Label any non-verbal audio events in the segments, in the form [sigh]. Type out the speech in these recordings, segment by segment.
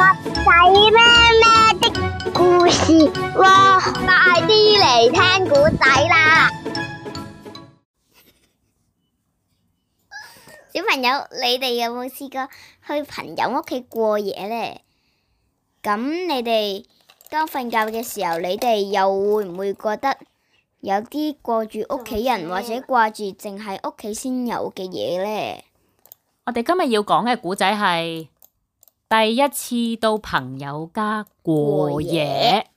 仔咩咩的故事，哇！快啲嚟聽古仔啦！小朋友，你哋有冇試過去朋友屋企過夜呢？咁你哋當瞓覺嘅時候，你哋又會唔會覺得有啲掛住屋企人，或者掛住淨係屋企先有嘅嘢呢？我哋今日要講嘅古仔係。第一次到朋友家過夜，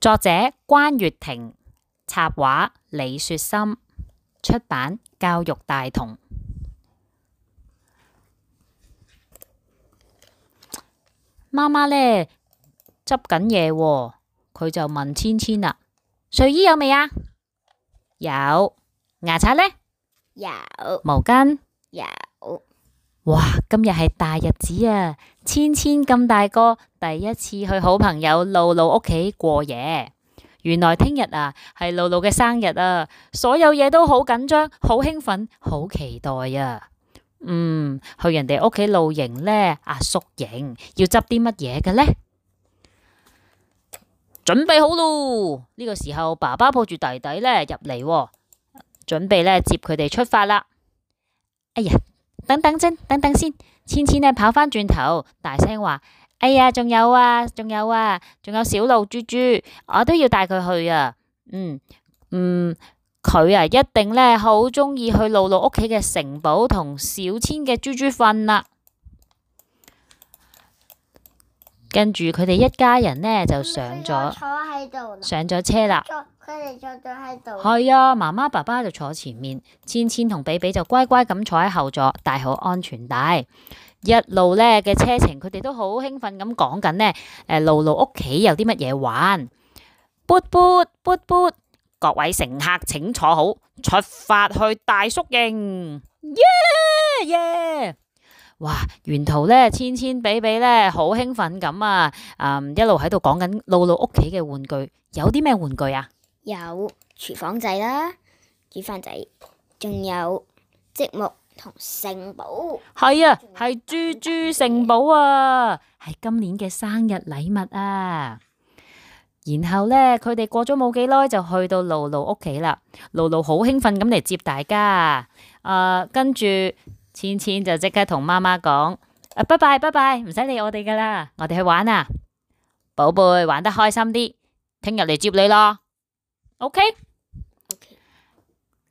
作者關月婷，插畫李雪心，出版教育大同。媽媽呢？執緊嘢，佢就問芊芊啦：睡衣有未啊？有。牙刷呢？有。毛巾？有。哇！今日係大日子啊，芊芊咁大個第一次去好朋友露露屋企過夜。原來聽日啊係露露嘅生日啊，所有嘢都好緊張、好興奮、好期待啊。嗯，去人哋屋企露營呢，啊宿營要執啲乜嘢嘅呢？準備好咯！呢、這個時候，爸爸抱住弟弟呢入嚟、啊，準備呢接佢哋出發啦。哎呀！等等先，等等先，芊芊啊跑翻轉頭，大聲話：哎呀，仲有啊，仲有啊，仲有小路豬豬，我都要帶佢去啊！嗯嗯，佢啊一定呢好中意去路路屋企嘅城堡同小芊嘅豬豬瞓啦。跟住佢哋一家人呢就上咗、嗯、上咗車啦。佢哋坐咗喺度，係啊，媽媽爸爸就坐前面，芊芊同比比就乖乖咁坐喺後座，戴好安全帶。一路呢嘅車程，佢哋都好興奮咁講緊呢，露露屋企有啲乜嘢玩？噗噗噗，噗噗噗噗，各位乘客請坐好，出發去大宿營耶耶！哇，沿途呢，芊芊比比呢，好興奮咁啊，嗯，一路喺度講緊露露屋企嘅玩具，有啲咩玩具啊？有廚房仔啦，煮飯仔，仲有積木同城堡。係啊，係豬豬城堡啊，係今年嘅生日禮物啊。然後咧，佢哋過咗冇幾耐就去到露露屋企啦。露露好興奮咁嚟接大家。誒，跟住芊芊就即刻同媽媽講：，誒，拜拜拜拜，唔使理我哋㗎啦，我哋去玩啦，寶貝玩得開心啲，聽日嚟接你咯。O Okay? K，Okay.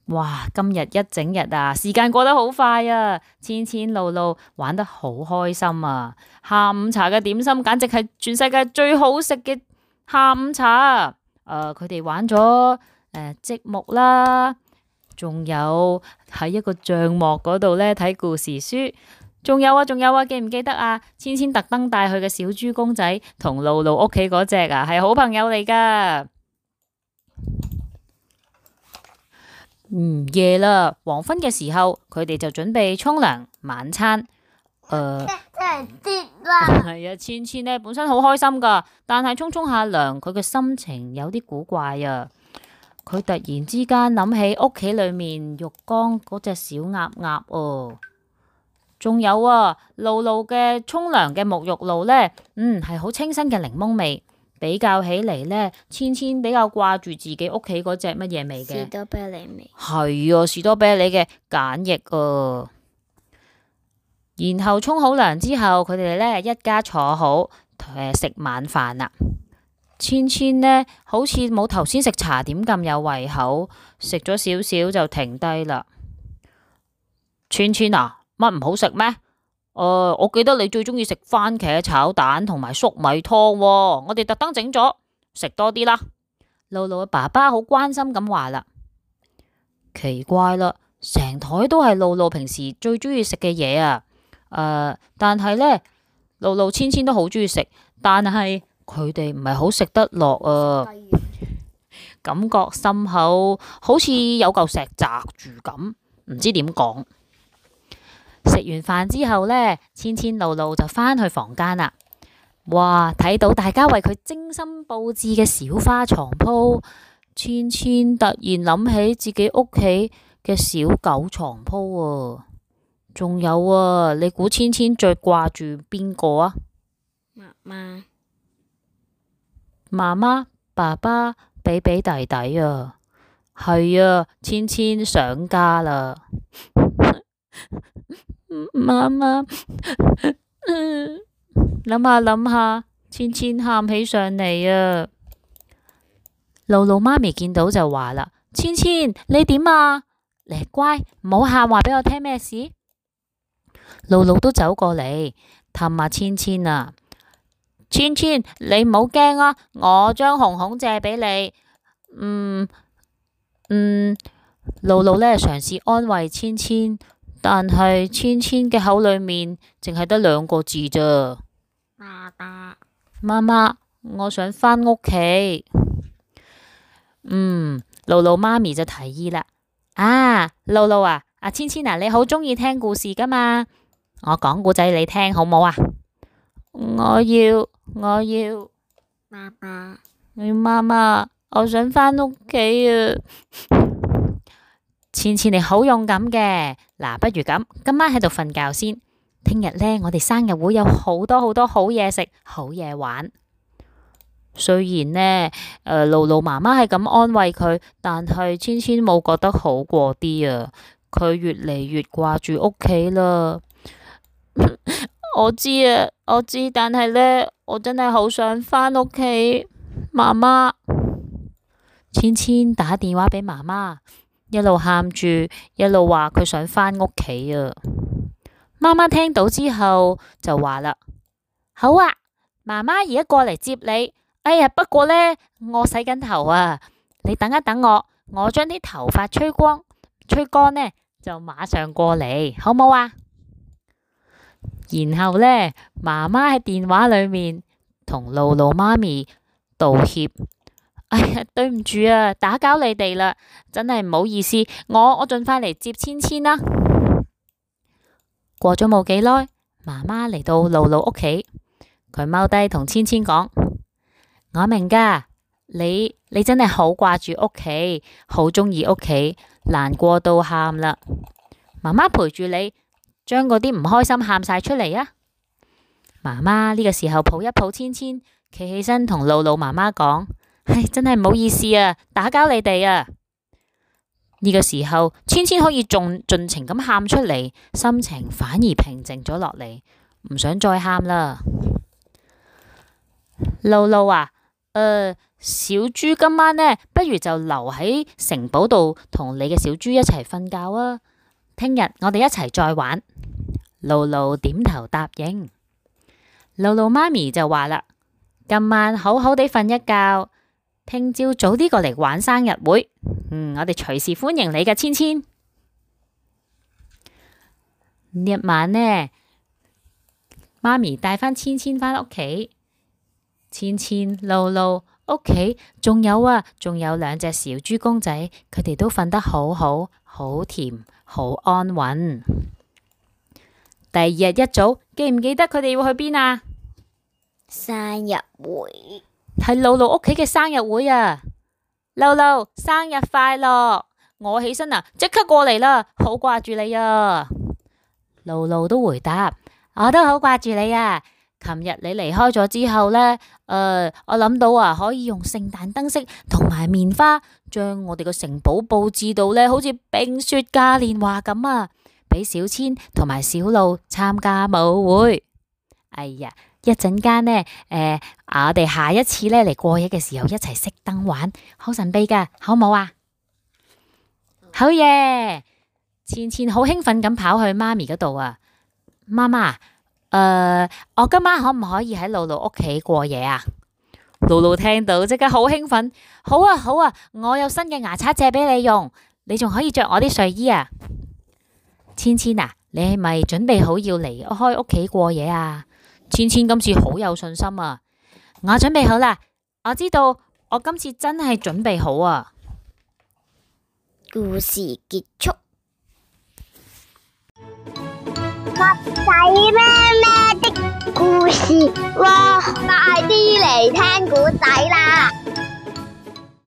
哇！今日一整日啊，時間過得好快啊，芊芊露露玩得好開心啊。下午茶嘅點心簡直係全世界最好食嘅下午茶啊！呃，佢哋玩咗誒積木啦，仲有喺一個帳幕嗰度咧睇故事書，仲有啊，仲有啊，記唔記得啊？芊芊特登帶佢嘅小豬公仔同露露屋企嗰隻啊，係好朋友嚟㗎。唔、嗯、夜啦，黃昏嘅時候，佢哋就準備沖涼晚餐。誒、呃，真係跌啦！啊，芊芊呢本身好開心噶，但係沖冲下涼，佢嘅心情有啲古怪啊。佢突然之間諗起屋企裏面浴缸嗰隻小鴨鴨哦，仲有啊，露露嘅沖涼嘅沐浴露呢，嗯，係好清新嘅檸檬味。比較起嚟呢，芊芊比較掛住自己屋企嗰隻乜嘢味嘅？士多啤梨味。係啊，士多啤梨嘅簡易啊。然後沖好涼之後，佢哋呢一家坐好，食晚飯啦。芊芊呢，好似冇頭先食茶點咁有胃口，食咗少少就停低啦。芊芊啊，乜唔好食咩？呃、我記得你最中意食番茄炒蛋同埋粟米湯、哦，我哋特登整咗，食多啲啦。露露嘅爸爸好關心咁話啦，奇怪啦，成枱，都係露露平時最中意食嘅嘢啊，呃、但係呢，露露千千都好中意食，但係佢哋唔係好食得落啊，感覺心口好似有嚿石砸住咁，唔知點講。食完飯之後呢，芊芊露露就返去房間啦。哇，睇到大家為佢精心佈置嘅小花床鋪，芊芊突然諗起自己屋企嘅小狗床鋪哦、啊。仲有啊，你估芊芊最掛住邊個啊？媽媽，媽媽，爸爸，比比弟弟啊，係啊，芊芊想家啦。 [laughs] 媽媽諗下諗下，千千喊起上嚟啊。露露媽咪見到就話啦，千千你點啊？你乖，唔好喊，話俾我聽咩事？露露都走過嚟，氹下啊千千啊，千千你唔好驚啊，我將紅紅借俾你。嗯，嗯，露露呢，嘗試安慰千千，但係芊芊嘅口裏面淨係得兩個字咋？爸爸，媽媽，我想翻屋企。嗯，露露媽咪就提議啦。啊，露露啊，阿芊芊啊，你好中意聽故事噶嘛？我講故仔你聽好唔好啊？我要，我要。媽媽，要爸爸，我想翻屋企啊！ [laughs] 芊芊你好勇敢嘅嗱。啊，不如咁，今晚喺度瞓覺先。聽日呢，我哋生日會有好多好多好嘢食、好嘢玩。雖然呢，誒，露露媽媽係咁安慰佢，但係芊芊冇覺得好過啲啊。佢越嚟越掛住屋企啦。 [laughs] 我知啊，我知，但係呢，我真係好想翻屋企，媽媽。芊芊打電話俾媽媽。一路喊住，一路話佢想翻屋企啊！媽媽聽到之後就話啦，好啊，媽媽而家過嚟接你。哎呀，不過呢，我洗緊頭啊，你等一等我，我將啲頭髮吹乾，吹乾呢就馬上過嚟，好冇啊？然後呢，媽媽喺電話裏面同露露媽咪道歉。哎呀，對唔住啊，打攪你哋啦，真係唔好意思。我我盡快嚟接芊芊啦。過咗冇幾耐，媽媽嚟到露露屋企，佢踎低同芊芊講：我明噶，你你真係好掛住屋企，好中意屋企，難過到喊啦。媽媽陪住你，將嗰啲唔開心喊晒出嚟啊！媽媽呢個時候抱一抱芊芊，企起身同露露媽媽講。唉、哎，真係唔好意思啊！打攪你哋啊！呢、這個時候，芊芊可以仲盡情咁喊出嚟，心情反而平靜咗落嚟，唔想再喊啦。露露啊，誒、呃，小豬今晚呢，不如就留喺城堡度同你嘅小豬一齊瞓覺啊！聽日我哋一齊再玩。露露點頭答應。露露媽咪就話啦，今晚好好地瞓一覺。聽朝早啲過嚟玩生日會，嗯，我哋隨時歡迎你嘅，芊芊。呢一晚呢，媽咪帶返芊芊返屋企，芊芊、露露屋企，仲有啊，仲有兩隻小豬公仔，佢哋都瞓得好好，好甜，好安穩。第二日一早，記唔記得佢哋要去邊啊？生日會。係露露屋企嘅生日會啊！露露生日快樂！我起身啊，即刻過嚟啦，好掛住你啊！露露都回答，我都好掛住你啊！琴日你離開咗之後呢，誒、呃，我諗到啊，可以用聖誕燈飾同埋棉花將我哋個城堡布置到呢，好似冰雪嘉年華咁啊，俾小芊同埋小露參加舞會。哎呀！一陣間呢，誒、呃，我哋下一次咧嚟過夜嘅時候，一齊熄燈玩，好神秘噶，好唔好啊？好耶！芊芊好興奮咁跑去媽咪嗰度啊，媽媽，誒、呃，我今晚可唔可以喺露露屋企過夜啊？露露聽到即刻好興奮，好啊，好啊，我有新嘅牙刷借俾你用，你仲可以着我啲睡衣啊。芊芊啊，你係咪準備好要離開屋企過夜啊？芊芊今次好有信心啊！我準備好啦，我知道我今次真係準備好啊！故事結束，襪仔咩咩的故事喎？快啲嚟聽故仔啦！